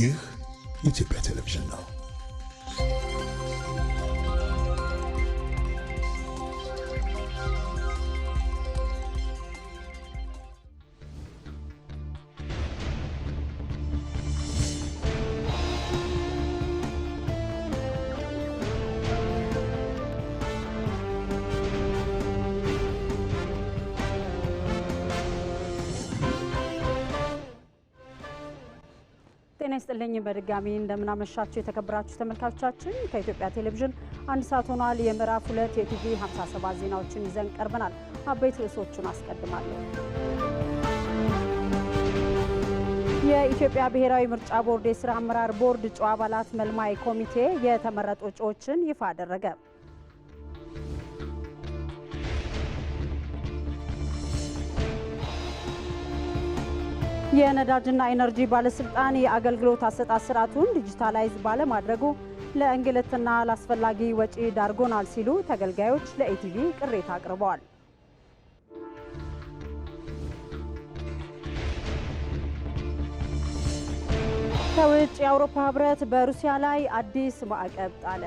ይህ ኢትዮጵያ ቴሌቪዥን ነው። በድጋሚ እንደምናመሻችሁ የተከበራችሁ ተመልካቾቻችን፣ ከኢትዮጵያ ቴሌቪዥን አንድ ሰዓት ሆኗል። የምዕራፍ ሁለት የቲቪ 57 ዜናዎችን ይዘን ቀርበናል። አበይት ርዕሶቹን አስቀድማለሁ። የኢትዮጵያ ብሔራዊ ምርጫ ቦርድ የስራ አመራር ቦርድ እጩ አባላት መልማይ ኮሚቴ የተመረጡ እጩዎችን ይፋ አደረገ። የነዳጅና ኢነርጂ ባለስልጣን የአገልግሎት አሰጣጥ ስርዓቱን ዲጂታላይዝ ባለማድረጉ ለእንግልትና ለአስፈላጊ ወጪ ዳርጎናል ሲሉ ተገልጋዮች ለኢቲቪ ቅሬታ አቅርበዋል። ከውጭ የአውሮፓ ህብረት በሩሲያ ላይ አዲስ ማዕቀብ ጣለ።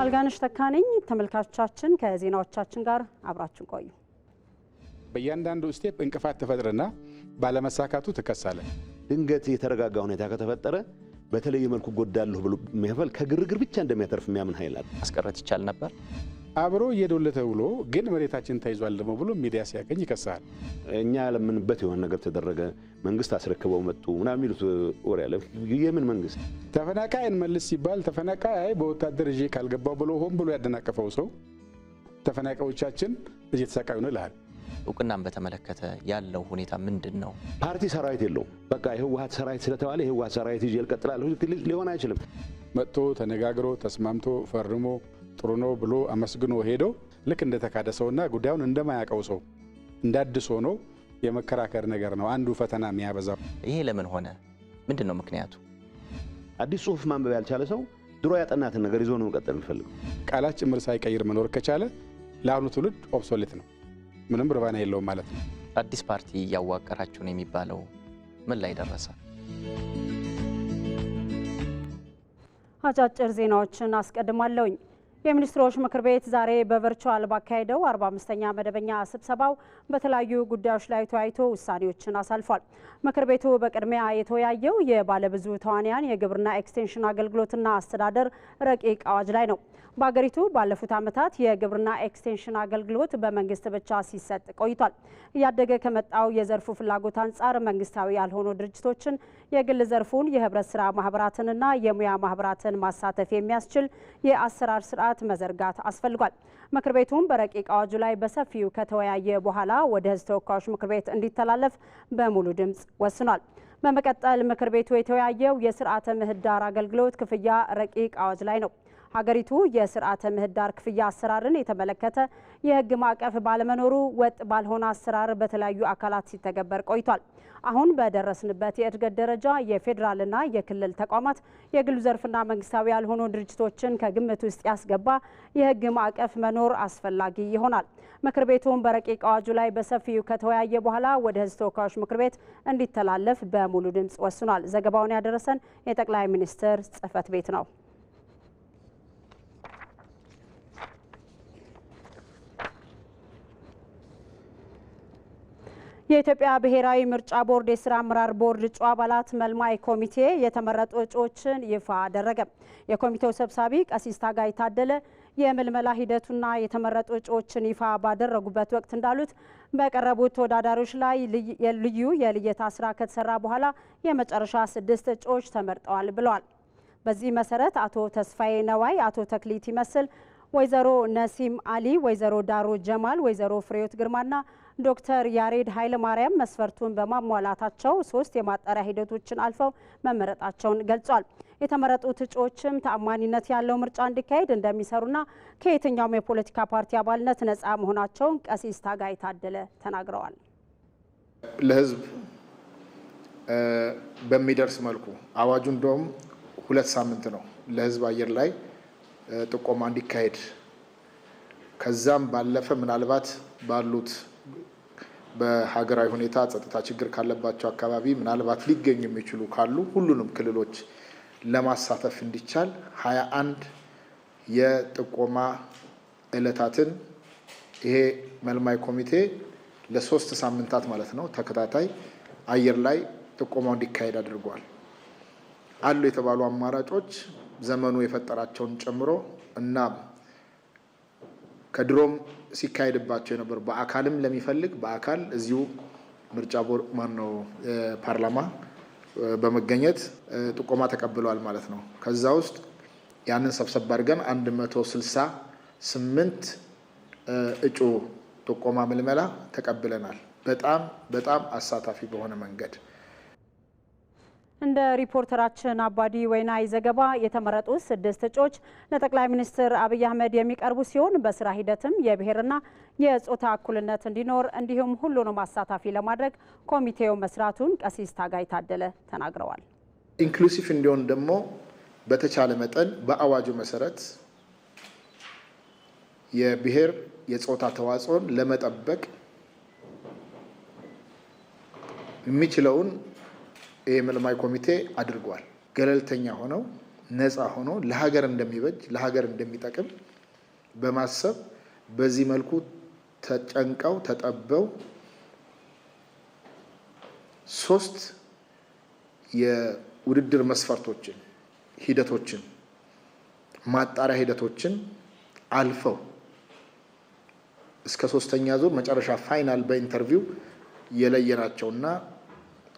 አልጋነሽ ተካነኝ ተመልካቾቻችን ከዜናዎቻችን ጋር አብራችን ቆዩ። በእያንዳንዱ ስቴፕ እንቅፋት ተፈጥረና ባለመሳካቱ ትከሳለህ። ድንገት የተረጋጋ ሁኔታ ከተፈጠረ በተለየ መልኩ ጎዳለሁ ብሎ የሚያፈል ከግርግር ብቻ እንደሚያተርፍ የሚያምን ኃይል አለ። ማስቀረት ይቻል ነበር አብሮ እየዶለ ተብሎ ግን መሬታችን ተይዟል ደሞ ብሎ ሚዲያ ሲያገኝ ይከሳል። እኛ ያለምንበት የሆነ ነገር ተደረገ፣ መንግስት አስረክበው መጡ ምና የሚሉት ወር ያለ የምን መንግስት? ተፈናቃይ እንመልስ ሲባል ተፈናቃይ በወታደር ይዤ ካልገባው ብሎ ሆን ብሎ ያደናቀፈው ሰው ተፈናቃዮቻችን እየተሰቃዩ ነው ይልሃል። እውቅናን በተመለከተ ያለው ሁኔታ ምንድን ነው? ፓርቲ ሰራዊት የለው በቃ የህወሀት ሰራዊት ስለተባለ የህወሀት ሰራዊት ይዤ እቀጥላለሁ ሊሆን አይችልም። መጥቶ ተነጋግሮ ተስማምቶ ፈርሞ ጥሩ ነው ብሎ አመስግኖ ሄዶ ልክ እንደተካደ ሰውና ጉዳዩን እንደማያውቀው ሰው እንዳድሶ ነው የመከራከር ነገር ነው አንዱ ፈተና የሚያበዛው። ይሄ ለምን ሆነ? ምንድን ነው ምክንያቱ? አዲስ ጽሁፍ ማንበብ ያልቻለ ሰው ድሮ ያጠናትን ነገር ይዞ ነው መቀጠል የሚፈልገው። ቃላት ጭምር ሳይቀይር መኖር ከቻለ ለአሁኑ ትውልድ ኦብሶሌት ነው። ምንም ርባና የለውም ማለት ነው። አዲስ ፓርቲ እያዋቀራችሁ ነው የሚባለው ምን ላይ ደረሰ? አጫጭር ዜናዎችን አስቀድማለሁኝ። የሚኒስትሮች ምክር ቤት ዛሬ በቨርቹዋል ባካሄደው 45ኛ መደበኛ ስብሰባው በተለያዩ ጉዳዮች ላይ ተወያይቶ ውሳኔዎችን አሳልፏል። ምክር ቤቱ በቅድሚያ የተወያየው የባለብዙ ተዋንያን የግብርና ኤክስቴንሽን አገልግሎትና አስተዳደር ረቂቅ አዋጅ ላይ ነው። በሀገሪቱ ባለፉት ዓመታት የግብርና ኤክስቴንሽን አገልግሎት በመንግስት ብቻ ሲሰጥ ቆይቷል። እያደገ ከመጣው የዘርፉ ፍላጎት አንጻር መንግስታዊ ያልሆኑ ድርጅቶችን የግል ዘርፉን የህብረት ስራ ማህበራትንና የሙያ ማህበራትን ማሳተፍ የሚያስችል የአሰራር ስርዓት መዘርጋት አስፈልጓል። ምክር ቤቱም በረቂቅ አዋጁ ላይ በሰፊው ከተወያየ በኋላ ወደ ህዝብ ተወካዮች ምክር ቤት እንዲተላለፍ በሙሉ ድምፅ ወስኗል። በመቀጠል ምክር ቤቱ የተወያየው የስርዓተ ምህዳር አገልግሎት ክፍያ ረቂቅ አዋጅ ላይ ነው። ሀገሪቱ የስርዓተ ምህዳር ክፍያ አሰራርን የተመለከተ የህግ ማዕቀፍ ባለመኖሩ ወጥ ባልሆነ አሰራር በተለያዩ አካላት ሲተገበር ቆይቷል። አሁን በደረስንበት የእድገት ደረጃ የፌዴራልና የክልል ተቋማት የግሉ ዘርፍና መንግስታዊ ያልሆኑ ድርጅቶችን ከግምት ውስጥ ያስገባ የህግ ማዕቀፍ መኖር አስፈላጊ ይሆናል። ምክር ቤቱም በረቂቅ አዋጁ ላይ በሰፊው ከተወያየ በኋላ ወደ ህዝብ ተወካዮች ምክር ቤት እንዲተላለፍ በሙሉ ድምፅ ወስኗል። ዘገባውን ያደረሰን የጠቅላይ ሚኒስትር ጽህፈት ቤት ነው። የኢትዮጵያ ብሔራዊ ምርጫ ቦርድ የስራ አመራር ቦርድ እጩ አባላት መልማይ ኮሚቴ የተመረጡ እጩዎችን ይፋ አደረገ። የኮሚቴው ሰብሳቢ ቀሲስ ታጋይ ታደለ የምልመላ ሂደቱና የተመረጡ እጩዎችን ይፋ ባደረጉበት ወቅት እንዳሉት በቀረቡት ተወዳዳሪዎች ላይ ልዩ የልየታ ስራ ከተሰራ በኋላ የመጨረሻ ስድስት እጩዎች ተመርጠዋል ብለዋል። በዚህ መሰረት አቶ ተስፋዬ ነዋይ፣ አቶ ተክሊት ይመስል፣ ወይዘሮ ነሲም አሊ፣ ወይዘሮ ዳሮ ጀማል፣ ወይዘሮ ፍሬዮት ግርማና ዶክተር ያሬድ ኃይለማርያም መስፈርቱን በማሟላታቸው ሶስት የማጣሪያ ሂደቶችን አልፈው መመረጣቸውን ገልጿል። የተመረጡት እጩዎችም ተአማኒነት ያለው ምርጫ እንዲካሄድ እንደሚሰሩና ከየትኛውም የፖለቲካ ፓርቲ አባልነት ነጻ መሆናቸውን ቀሲስ ታጋይ ታደለ ተናግረዋል። ለህዝብ በሚደርስ መልኩ አዋጁ እንደውም ሁለት ሳምንት ነው ለህዝብ አየር ላይ ጥቆማ እንዲካሄድ ከዛም ባለፈ ምናልባት ባሉት በሀገራዊ ሁኔታ ጸጥታ ችግር ካለባቸው አካባቢ ምናልባት ሊገኙ የሚችሉ ካሉ ሁሉንም ክልሎች ለማሳተፍ እንዲቻል ሀያ አንድ የጥቆማ እለታትን ይሄ መልማይ ኮሚቴ ለሶስት ሳምንታት ማለት ነው ተከታታይ አየር ላይ ጥቆማው እንዲካሄድ አድርጓል። አሉ የተባሉ አማራጮች ዘመኑ የፈጠራቸውን ጨምሮ እና ከድሮም ሲካሄድባቸው የነበሩ በአካልም ለሚፈልግ በአካል እዚሁ ምርጫ ማን ነው ፓርላማ በመገኘት ጥቆማ ተቀብለዋል ማለት ነው። ከዛ ውስጥ ያንን ሰብሰብ አድርገን 168 እጩ ጥቆማ ምልመላ ተቀብለናል። በጣም በጣም አሳታፊ በሆነ መንገድ እንደ ሪፖርተራችን አባዲ ወይናይ ዘገባ የተመረጡ ስድስት እጩዎች ለጠቅላይ ሚኒስትር አብይ አህመድ የሚቀርቡ ሲሆን በስራ ሂደትም የብሔርና የጾታ እኩልነት እንዲኖር እንዲሁም ሁሉንም አሳታፊ ለማድረግ ኮሚቴው መስራቱን ቀሲስ ታጋይ ታደለ ተናግረዋል። ኢንክሉሲቭ እንዲሆን ደግሞ በተቻለ መጠን በአዋጁ መሰረት የብሔር የጾታ ተዋጽኦን ለመጠበቅ የሚችለውን ይሄ ኮሚቴ አድርጓል። ገለልተኛ ሆነው ነፃ ሆኖ ለሀገር እንደሚበጅ ለሀገር እንደሚጠቅም በማሰብ በዚህ መልኩ ተጨንቀው ተጠበው ሶስት የውድድር መስፈርቶችን ሂደቶችን ማጣሪያ ሂደቶችን አልፈው እስከ ሶስተኛ ዙር መጨረሻ ፋይናል በኢንተርቪው የለየናቸውና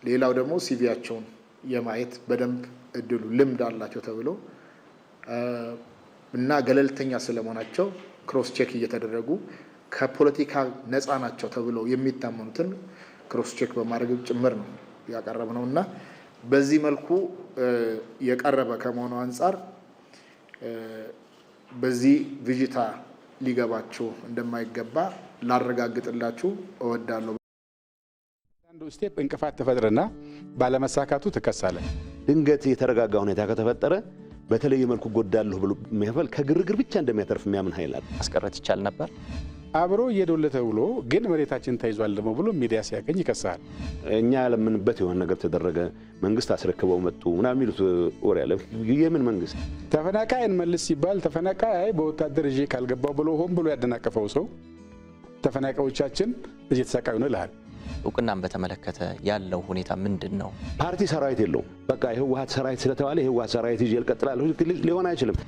ሌላው ደግሞ ሲቪያቸውን የማየት በደንብ እድሉ ልምድ አላቸው ተብሎ እና ገለልተኛ ስለመሆናቸው ክሮስ ቼክ እየተደረጉ ከፖለቲካ ነፃ ናቸው ተብሎ የሚታመኑትን ክሮስ ቼክ በማድረግ ጭምር ነው ያቀረብ ነው እና በዚህ መልኩ የቀረበ ከመሆኑ አንጻር በዚህ ቪዥታ ሊገባችሁ እንደማይገባ ላረጋግጥላችሁ እወዳለሁ። አንዱ ስቴፕ እንቅፋት ተፈጥረና ባለመሳካቱ ትከሳለ። ድንገት የተረጋጋ ሁኔታ ከተፈጠረ በተለየ መልኩ ጎዳለሁ ብሎ የሚያፈል ከግርግር ብቻ እንደሚያተርፍ የሚያምን ኃይል አለ። ማስቀረት ይቻል ነበር። አብሮ እየዶለ ተብሎ ግን መሬታችን ተይዟል ደሞ ብሎ ሚዲያ ሲያገኝ ይከሳል። እኛ ያለምንበት የሆነ ነገር ተደረገ፣ መንግስት አስረክበው መጡ ምናምን የሚሉት ወሬ አለ። የምን መንግስት? ተፈናቃይን መልስ ሲባል ተፈናቃይ በወታደር እዤ ካልገባው ብሎ ሆን ብሎ ያደናቀፈው ሰው ተፈናቃዮቻችን እየተሰቃዩ ነው ይልሃል። እውቅናን በተመለከተ ያለው ሁኔታ ምንድን ነው? ፓርቲ ሰራዊት የለው በቃ የህወሀት ሰራዊት ስለተባለ የህወሀት ሰራዊት ይዤ እቀጥላለሁ ሊሆን አይችልም።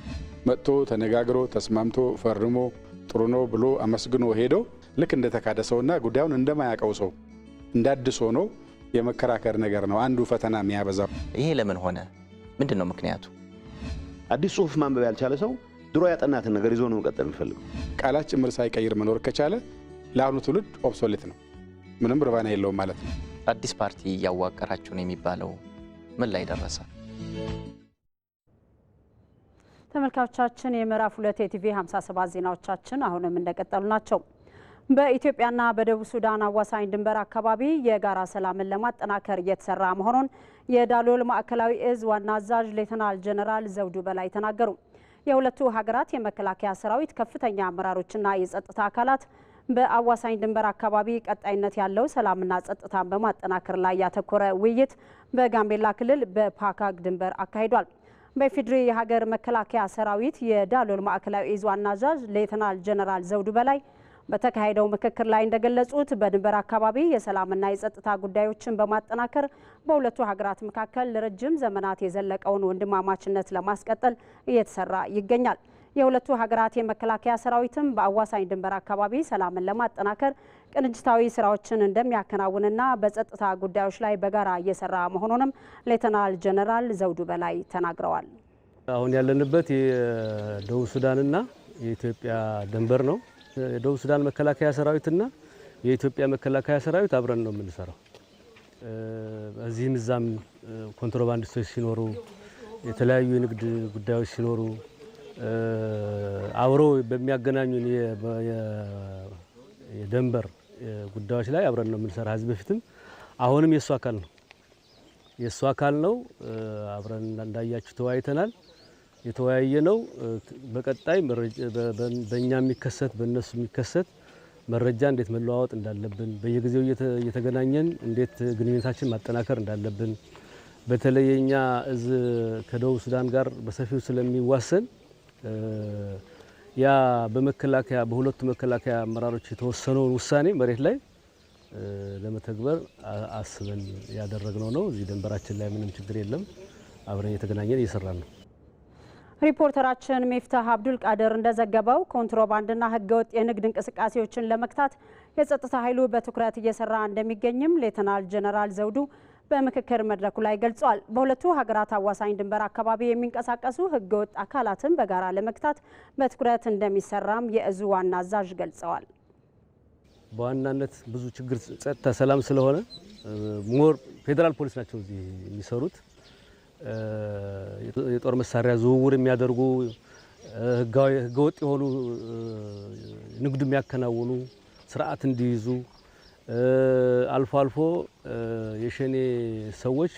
መጥቶ ተነጋግሮ ተስማምቶ ፈርሞ ጥሩ ነው ብሎ አመስግኖ ሄዶ ልክ እንደተካደ ሰውና ጉዳዩን እንደማያውቀው ሰው እንዳድሶ ነው የመከራከር ነገር ነው አንዱ ፈተና የሚያበዛው። ይሄ ለምን ሆነ? ምንድን ነው ምክንያቱ? አዲስ ጽሁፍ ማንበብ ያልቻለ ሰው ድሮ ያጠናትን ነገር ይዞ ነው መቀጠል የሚፈልገው። ቃላት ጭምር ሳይቀይር መኖር ከቻለ ለአሁኑ ትውልድ ኦብሶሌት ነው። ምንም ርባና የለውም ማለት ነው። አዲስ ፓርቲ እያዋቀራችሁ ነው የሚባለው ምን ላይ ደረሰ? ተመልካቾቻችን የምዕራፍ ሁለት የቲቪ 57 ዜናዎቻችን አሁንም እንደቀጠሉ ናቸው። በኢትዮጵያና በደቡብ ሱዳን አዋሳኝ ድንበር አካባቢ የጋራ ሰላምን ለማጠናከር እየተሰራ መሆኑን የዳሎል ማዕከላዊ እዝ ዋና አዛዥ ሌተናል ጀነራል ዘውዱ በላይ ተናገሩ። የሁለቱ ሀገራት የመከላከያ ሰራዊት ከፍተኛ አመራሮችና የጸጥታ አካላት በአዋሳኝ ድንበር አካባቢ ቀጣይነት ያለው ሰላምና ጸጥታን በማጠናከር ላይ ያተኮረ ውይይት በጋምቤላ ክልል በፓካግ ድንበር አካሂዷል። በኢፌዴሪ የሀገር መከላከያ ሰራዊት የዳሎል ማዕከላዊ እዝ ዋና አዛዥ ሌተናል ጀነራል ዘውዱ በላይ በተካሄደው ምክክር ላይ እንደገለጹት በድንበር አካባቢ የሰላምና የጸጥታ ጉዳዮችን በማጠናከር በሁለቱ ሀገራት መካከል ለረጅም ዘመናት የዘለቀውን ወንድማማችነት ለማስቀጠል እየተሰራ ይገኛል። የሁለቱ ሀገራት የመከላከያ ሰራዊትም በአዋሳኝ ድንበር አካባቢ ሰላምን ለማጠናከር ቅንጅታዊ ስራዎችን እንደሚያከናውንና በጸጥታ ጉዳዮች ላይ በጋራ እየሰራ መሆኑንም ሌተናል ጀነራል ዘውዱ በላይ ተናግረዋል። አሁን ያለንበት የደቡብ ሱዳንና የኢትዮጵያ ድንበር ነው። የደቡብ ሱዳን መከላከያ ሰራዊትና የኢትዮጵያ መከላከያ ሰራዊት አብረን ነው የምንሰራው። እዚህም እዛም ኮንትሮባንዲስቶች ሲኖሩ የተለያዩ የንግድ ጉዳዮች ሲኖሩ አብሮ በሚያገናኙን የደንበር ጉዳዮች ላይ አብረን ነው የምንሰራ። ህዝብ በፊትም አሁንም የእሱ አካል ነው የእሱ አካል ነው። አብረን እንዳያችሁ ተወያይተናል። የተወያየ ነው። በቀጣይ በእኛ የሚከሰት በእነሱ የሚከሰት መረጃ እንዴት መለዋወጥ እንዳለብን በየጊዜው እየተገናኘን እንዴት ግንኙነታችን ማጠናከር እንዳለብን በተለይ የኛ እዝ ከደቡብ ሱዳን ጋር በሰፊው ስለሚዋሰን ያ በመከላከያ በሁለቱ መከላከያ አመራሮች የተወሰነውን ውሳኔ መሬት ላይ ለመተግበር አስበን ያደረግነው ነው። እዚህ ድንበራችን ላይ ምንም ችግር የለም። አብረን እየተገናኘን እየሰራን ነው። ሪፖርተራችን ሚፍታህ አብዱል ቃድር እንደዘገበው ኮንትሮባንድና ህገወጥ የንግድ እንቅስቃሴዎችን ለመግታት የጸጥታ ኃይሉ በትኩረት እየሰራ እንደሚገኝም ሌተናል ጀነራል ዘውዱ በምክክር መድረኩ ላይ ገልጿል። በሁለቱ ሀገራት አዋሳኝ ድንበር አካባቢ የሚንቀሳቀሱ ህገወጥ አካላትን በጋራ ለመግታት በትኩረት እንደሚሰራም የእዙ ዋና አዛዥ ገልጸዋል። በዋናነት ብዙ ችግር ጸጥታ፣ ሰላም ስለሆነ ሞር ፌዴራል ፖሊስ ናቸው እዚህ የሚሰሩት። የጦር መሳሪያ ዝውውር የሚያደርጉ ህገወጥ የሆኑ ንግዱ የሚያከናውኑ ስርዓት እንዲይዙ አልፎ አልፎ የሸኔ ሰዎች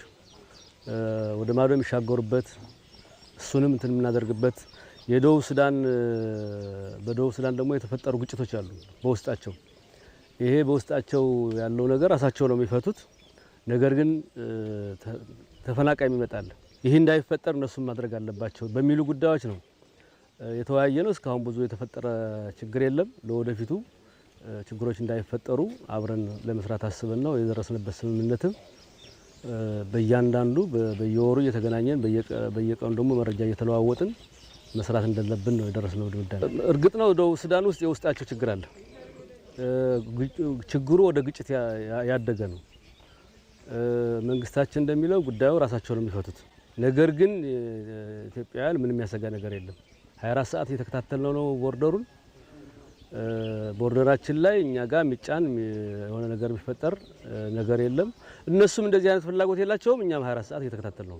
ወደ ማዶ የሚሻገሩበት እሱንም እንትን የምናደርግበት የደቡብ ሱዳን በደቡብ ሱዳን ደግሞ የተፈጠሩ ግጭቶች አሉ በውስጣቸው። ይሄ በውስጣቸው ያለው ነገር ራሳቸው ነው የሚፈቱት። ነገር ግን ተፈናቃይ ይመጣል። ይህ እንዳይፈጠር እነሱም ማድረግ አለባቸው በሚሉ ጉዳዮች ነው የተወያየ ነው። እስካሁን ብዙ የተፈጠረ ችግር የለም። ለወደፊቱ ችግሮች እንዳይፈጠሩ አብረን ለመስራት አስበን ነው የደረስንበት ስምምነትም በእያንዳንዱ በየወሩ እየተገናኘን በየቀኑ ደግሞ መረጃ እየተለዋወጥን መስራት እንደለብን ነው የደረስነው ድምዳሜ። እርግጥ ነው ደቡብ ሱዳን ውስጥ የውስጣቸው ችግር አለ። ችግሩ ወደ ግጭት ያደገ ነው። መንግስታችን እንደሚለው ጉዳዩ ራሳቸው ነው የሚፈቱት። ነገር ግን ኢትዮጵያውያን ምንም ያሰጋ ነገር የለም። 24 ሰዓት እየተከታተልነው ነው ቦርደሩን ቦርደራችን ላይ እኛ ጋር የሚጫን የሆነ ነገር የሚፈጠር ነገር የለም። እነሱም እንደዚህ አይነት ፍላጎት የላቸውም። እኛም 24 ሰዓት እየተከታተል ነው።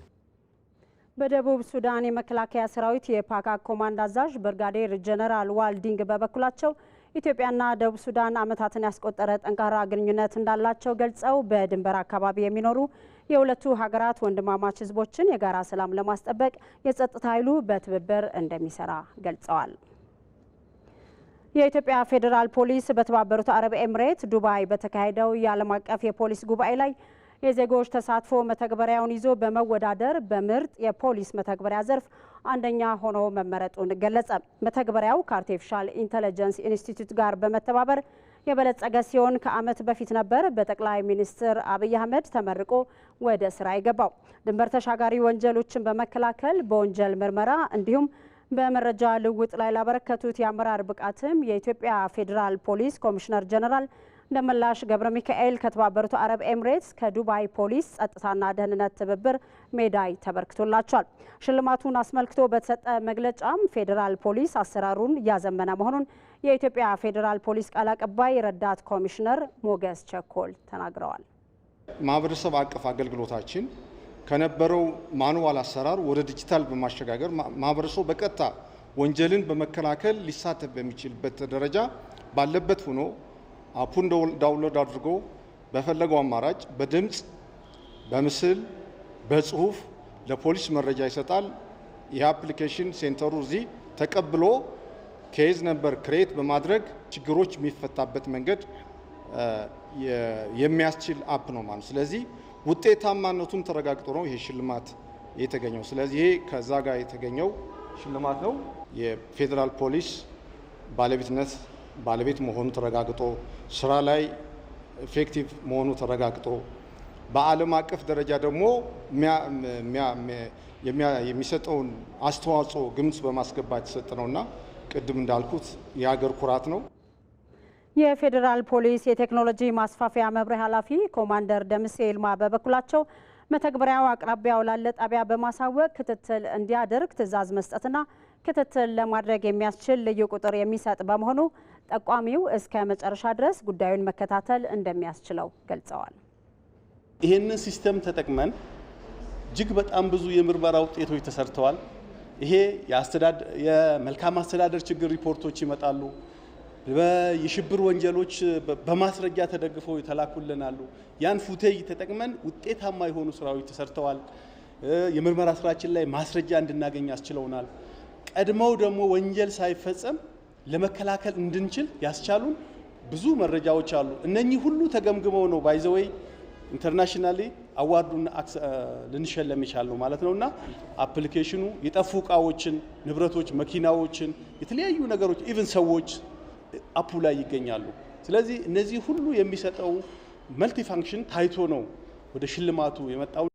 በደቡብ ሱዳን የመከላከያ ሰራዊት የፓካ ኮማንድ አዛዥ ብርጋዴር ጀነራል ዋልዲንግ በበኩላቸው ኢትዮጵያና ደቡብ ሱዳን ዓመታትን ያስቆጠረ ጠንካራ ግንኙነት እንዳላቸው ገልጸው በድንበር አካባቢ የሚኖሩ የሁለቱ ሀገራት ወንድማማች ሕዝቦችን የጋራ ሰላም ለማስጠበቅ የጸጥታ ኃይሉ በትብብር እንደሚሰራ ገልጸዋል። የኢትዮጵያ ፌዴራል ፖሊስ በተባበሩት አረብ ኤምሬት ዱባይ በተካሄደው የዓለም አቀፍ የፖሊስ ጉባኤ ላይ የዜጎች ተሳትፎ መተግበሪያውን ይዞ በመወዳደር በምርጥ የፖሊስ መተግበሪያ ዘርፍ አንደኛ ሆኖ መመረጡን ገለጸ። መተግበሪያው ከአርቲፊሻል ኢንተለጀንስ ኢንስቲትዩት ጋር በመተባበር የበለጸገ ሲሆን ከዓመት በፊት ነበር በጠቅላይ ሚኒስትር አብይ አህመድ ተመርቆ ወደ ስራ የገባው። ድንበር ተሻጋሪ ወንጀሎችን በመከላከል በወንጀል ምርመራ እንዲሁም በመረጃ ልውጥ ላይ ላበረከቱት የአመራር ብቃትም የኢትዮጵያ ፌዴራል ፖሊስ ኮሚሽነር ጀነራል ደመላሽ ገብረ ሚካኤል ከተባበሩት አረብ ኤምሬትስ ከዱባይ ፖሊስ ጸጥታና ደህንነት ትብብር ሜዳይ ተበርክቶላቸዋል። ሽልማቱን አስመልክቶ በተሰጠ መግለጫም ፌዴራል ፖሊስ አሰራሩን እያዘመነ መሆኑን የኢትዮጵያ ፌዴራል ፖሊስ ቃል አቀባይ ረዳት ኮሚሽነር ሞገስ ቸኮል ተናግረዋል። ማህበረሰብ አቀፍ አገልግሎታችን ከነበረው ማኑዋል አሰራር ወደ ዲጂታል በማሸጋገር ማህበረሰቡ በቀጥታ ወንጀልን በመከላከል ሊሳተፍ በሚችልበት ደረጃ ባለበት ሆኖ አፑን ዳውንሎድ አድርጎ በፈለገው አማራጭ በድምፅ፣ በምስል፣ በጽሁፍ ለፖሊስ መረጃ ይሰጣል። የአፕሊኬሽን ሴንተሩ እዚህ ተቀብሎ ኬዝ ነበር ክሬት በማድረግ ችግሮች የሚፈታበት መንገድ የሚያስችል አፕ ነው ማለት ስለዚህ ውጤታማነቱም ተረጋግጦ ነው ይሄ ሽልማት የተገኘው። ስለዚህ ይሄ ከዛ ጋር የተገኘው ሽልማት ነው። የፌዴራል ፖሊስ ባለቤትነት ባለቤት መሆኑ ተረጋግጦ ስራ ላይ ኢፌክቲቭ መሆኑ ተረጋግጦ በዓለም አቀፍ ደረጃ ደግሞ የሚሰጠውን አስተዋጽኦ ግምት በማስገባት የተሰጠ ነውና ቅድም እንዳልኩት የሀገር ኩራት ነው። የፌዴራል ፖሊስ የቴክኖሎጂ ማስፋፊያ መምሪያ ኃላፊ ኮማንደር ደምሴ ይልማ በበኩላቸው መተግበሪያው አቅራቢያው ላለ ጣቢያ በማሳወቅ ክትትል እንዲያደርግ ትዕዛዝ መስጠትና ክትትል ለማድረግ የሚያስችል ልዩ ቁጥር የሚሰጥ በመሆኑ ጠቋሚው እስከ መጨረሻ ድረስ ጉዳዩን መከታተል እንደሚያስችለው ገልጸዋል። ይህንን ሲስተም ተጠቅመን እጅግ በጣም ብዙ የምርመራ ውጤቶች ተሰርተዋል። ይሄ የመልካም አስተዳደር ችግር ሪፖርቶች ይመጣሉ። የሽብር ወንጀሎች በማስረጃ ተደግፈው ተላኩልናሉ። ያን ፉቴጅ ተጠቅመን ውጤታማ የሆኑ ስራዎች ተሰርተዋል። የምርመራ ስራችን ላይ ማስረጃ እንድናገኝ ያስችለውናል። ቀድመው ደግሞ ወንጀል ሳይፈጸም ለመከላከል እንድንችል ያስቻሉን ብዙ መረጃዎች አሉ። እነኚህ ሁሉ ተገምግመው ነው ባይዘወይ ኢንተርናሽናሊ አዋርዱን ልንሸለም የቻልነው ማለት ነው። እና አፕሊኬሽኑ የጠፉ እቃዎችን፣ ንብረቶች፣ መኪናዎችን፣ የተለያዩ ነገሮች ኢቨን ሰዎች አፑ ላይ ይገኛሉ። ስለዚህ እነዚህ ሁሉ የሚሰጠው መልቲ ፋንክሽን ታይቶ ነው ወደ ሽልማቱ የመጣው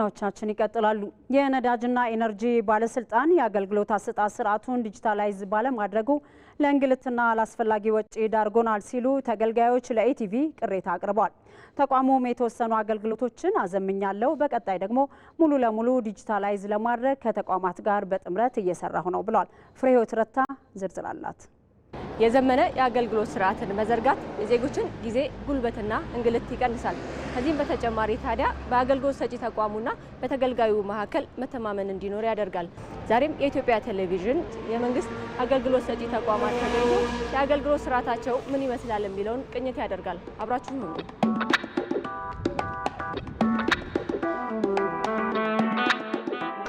ዜናዎቻችን ይቀጥላሉ። የነዳጅና ኢነርጂ ባለስልጣን የአገልግሎት አሰጣጥ ስርዓቱን ዲጂታላይዝ ባለማድረጉ ለእንግልትና ላስፈላጊ ወጪ ዳርጎናል ሲሉ ተገልጋዮች ለኢቲቪ ቅሬታ አቅርበዋል። ተቋሙም የተወሰኑ አገልግሎቶችን አዘምኛለሁ፣ በቀጣይ ደግሞ ሙሉ ለሙሉ ዲጂታላይዝ ለማድረግ ከተቋማት ጋር በጥምረት እየሰራሁ ነው ብሏል። ፍሬህይወት ረታ ዝርዝር አላት። የዘመነ የአገልግሎት ስርዓትን መዘርጋት የዜጎችን ጊዜ ጉልበትና እንግልት ይቀንሳል። ከዚህም በተጨማሪ ታዲያ በአገልግሎት ሰጪ ተቋሙና በተገልጋዩ መካከል መተማመን እንዲኖር ያደርጋል። ዛሬም የኢትዮጵያ ቴሌቪዥን የመንግስት አገልግሎት ሰጪ ተቋማት ተገኝቶ የአገልግሎት ስርዓታቸው ምን ይመስላል የሚለውን ቅኝት ያደርጋል። አብራችሁን ሁኑ።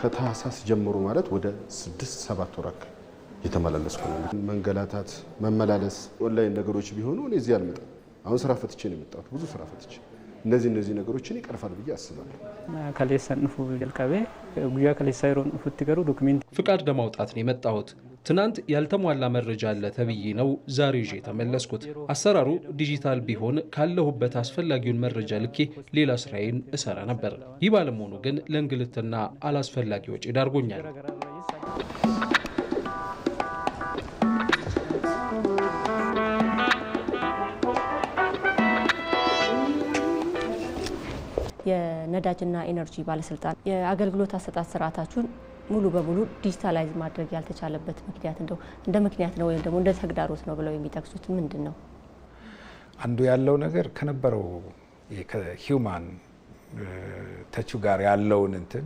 ከታህሳስ ጀምሮ ማለት ወደ ስድስት ሰባት ወር አካባቢ እየተመላለስኩ ነው። መንገላታት፣ መመላለስ ኦንላይን ነገሮች ቢሆኑ እኔ እዚህ አልመጣም። አሁን ስራ ፈትቼ ነው የመጣሁት። ብዙ ስራ ፈትቼ እነዚህ እነዚህ ነገሮችን ይቀርፋል ብዬ አስባለሁ። ከሌሰንፉ ልቀቤ ጉያ ከሌሳይሮን ፉት ገሩ ዶክሜንት ፍቃድ ለማውጣት ነው የመጣሁት። ትናንት ያልተሟላ መረጃ አለ ተብዬ ነው ዛሬ ይዤ የተመለስኩት። አሰራሩ ዲጂታል ቢሆን ካለሁበት አስፈላጊውን መረጃ ልኬ ሌላ ስራዬን እሰራ ነበር። ይህ ባለመሆኑ ግን ለእንግልትና አላስፈላጊ ወጪ ዳርጎኛል። ነዳጅና ኢነርጂ ባለስልጣን የአገልግሎት አሰጣጥ ስርዓታችሁን ሙሉ በሙሉ ዲጂታላይዝ ማድረግ ያልተቻለበት ምክንያት እንደው እንደ ምክንያት ነው ወይም ደግሞ እንደ ተግዳሮት ነው ብለው የሚጠቅሱት ምንድን ነው? አንዱ ያለው ነገር ከነበረው ከሂውማን ተቹ ጋር ያለውን እንትን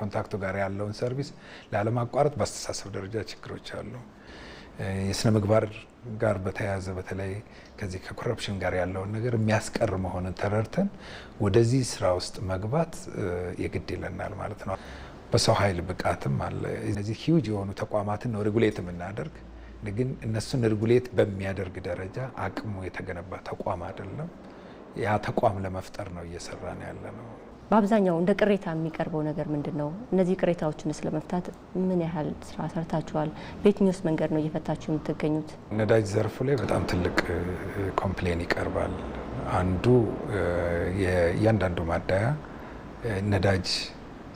ኮንታክቱ ጋር ያለውን ሰርቪስ ላለማቋረጥ በአስተሳሰብ ደረጃ ችግሮች አሉ። የስነ ምግባር ጋር በተያያዘ በተለይ ከዚህ ከኮረፕሽን ጋር ያለውን ነገር የሚያስቀር መሆንን ተረድተን ወደዚህ ስራ ውስጥ መግባት የግድ ይለናል ማለት ነው። በሰው ኃይል ብቃትም አለ። እነዚህ ሂውጅ የሆኑ ተቋማትን ነው ሬጉሌት የምናደርግ፣ ግን እነሱን ሬጉሌት በሚያደርግ ደረጃ አቅሙ የተገነባ ተቋም አይደለም። ያ ተቋም ለመፍጠር ነው እየሰራን ያለ ነው። በአብዛኛው እንደ ቅሬታ የሚቀርበው ነገር ምንድን ነው? እነዚህ ቅሬታዎችን ስለመፍታት ምን ያህል ስራ ሰርታችኋል? በየትኛውስ መንገድ ነው እየፈታችሁ የምትገኙት? ነዳጅ ዘርፉ ላይ በጣም ትልቅ ኮምፕሌን ይቀርባል። አንዱ እያንዳንዱ ማደያ ነዳጅ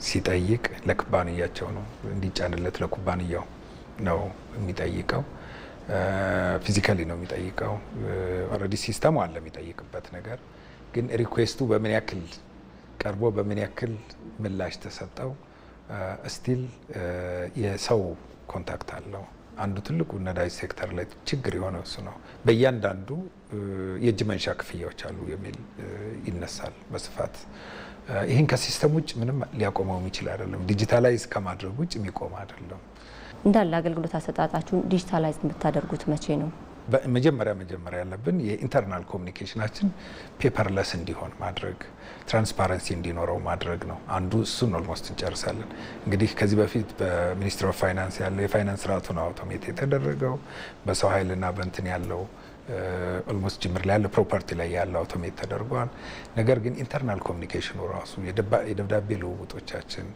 ሲጠይቅ ለኩባንያቸው ነው እንዲጫንለት ለኩባንያው ነው የሚጠይቀው። ፊዚካሊ ነው የሚጠይቀው። ኦልሬዲ ሲስተሙ አለ የሚጠይቅበት ነገር ግን ሪኩዌስቱ በምን ያክል ቀርቦ በምን ያክል ምላሽ ተሰጠው እስቲል የሰው ኮንታክት አለው። አንዱ ትልቁ ነዳጅ ሴክተር ላይ ችግር የሆነው እሱ ነው። በእያንዳንዱ የእጅ መንሻ ክፍያዎች አሉ የሚል ይነሳል በስፋት ይህን ከሲስተም ውጭ ምንም ሊያቆመው የሚችል አይደለም። ዲጂታላይዝ ከማድረግ ውጭ የሚቆም አይደለም። እንዳለ አገልግሎት አሰጣጣችሁን ዲጂታላይዝ የምታደርጉት መቼ ነው? መጀመሪያ መጀመሪያ ያለብን የኢንተርናል ኮሚኒኬሽናችን ፔፐርለስ እንዲሆን ማድረግ ትራንስፓረንሲ እንዲኖረው ማድረግ ነው። አንዱ እሱን ኦልሞስት እንጨርሳለን። እንግዲህ ከዚህ በፊት በሚኒስትር ኦፍ ፋይናንስ ያለው የፋይናንስ ስርዓቱን አውቶሜት የተደረገው በሰው ኃይልና በእንትን ያለው ኦልሞስት ጅምር ላይ ያለ ፕሮፐርቲ ላይ ያለ አውቶሜት ተደርጓል። ነገር ግን ኢንተርናል ኮሚኒኬሽኑ ራሱ የደብዳቤ ልውውጦቻችን፣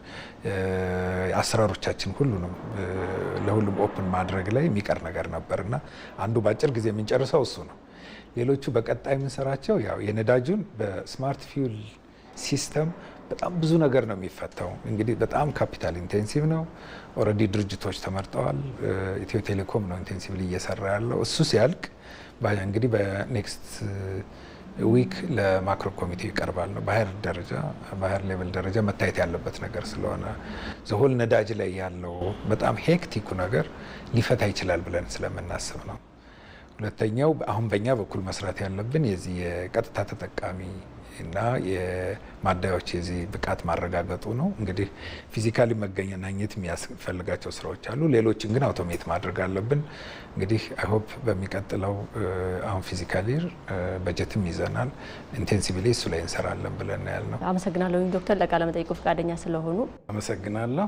አሰራሮቻችን ሁሉንም ለሁሉም ኦፕን ማድረግ ላይ የሚቀር ነገር ነበር እና አንዱ በአጭር ጊዜ የምንጨርሰው እሱ ነው። ሌሎቹ በቀጣይ የምንሰራቸው ያው የነዳጁን በስማርት ፊውል ሲስተም በጣም ብዙ ነገር ነው የሚፈታው። እንግዲህ በጣም ካፒታል ኢንቴንሲቭ ነው። ኦልሬዲ ድርጅቶች ተመርጠዋል። ኢትዮ ቴሌኮም ነው ኢንቴንሲቭ እየሰራ ያለው እሱ ሲያልቅ እንግዲህ በኔክስት ዊክ uh, ለማክሮ ኮሚቴ ይቀርባል። ባህር ደረጃ ባህር ሌቭል ደረጃ መታየት ያለበት ነገር ስለሆነ ዘሆል ነዳጅ ላይ ያለው በጣም ሄክቲኩ ነገር ሊፈታ ይችላል ብለን ስለምናስብ ነው። ሁለተኛው አሁን በእኛ በኩል መስራት ያለብን የዚህ የቀጥታ ተጠቃሚ እና የማደያዎች የዚህ ብቃት ማረጋገጡ ነው። እንግዲህ ፊዚካሊ መገናኘት የሚያስፈልጋቸው ስራዎች አሉ። ሌሎችን ግን አውቶሜት ማድረግ አለብን። እንግዲህ አይሆፕ በሚቀጥለው አሁን ፊዚካሊ በጀትም ይዘናል። ኢንቴንሲቭሊ እሱ ላይ እንሰራለን ብለን ነው። አመሰግናለሁ ዶክተር ለቃለመጠይቁ ፈቃደኛ ስለሆኑ አመሰግናለሁ።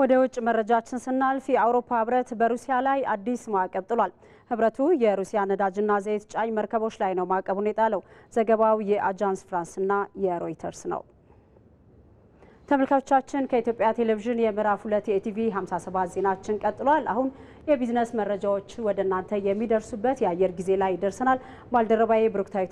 ወደ ውጭ መረጃችን ስናልፍ የአውሮፓ ህብረት በሩሲያ ላይ አዲስ ማዕቀብ ጥሏል። ህብረቱ የሩሲያ ነዳጅና ዘይት ጫኝ መርከቦች ላይ ነው ማዕቀቡን የጣለው። ዘገባው የአጃንስ ፍራንስና የሮይተርስ ነው። ተመልካቾቻችን ከኢትዮጵያ ቴሌቪዥን የምዕራፍ ሁለት የኢቲቪ 57 ዜናችን ቀጥሏል። አሁን የቢዝነስ መረጃዎች ወደ እናንተ የሚደርሱበት የአየር ጊዜ ላይ ደርሰናል። ባልደረባዬ ብሩክታዊ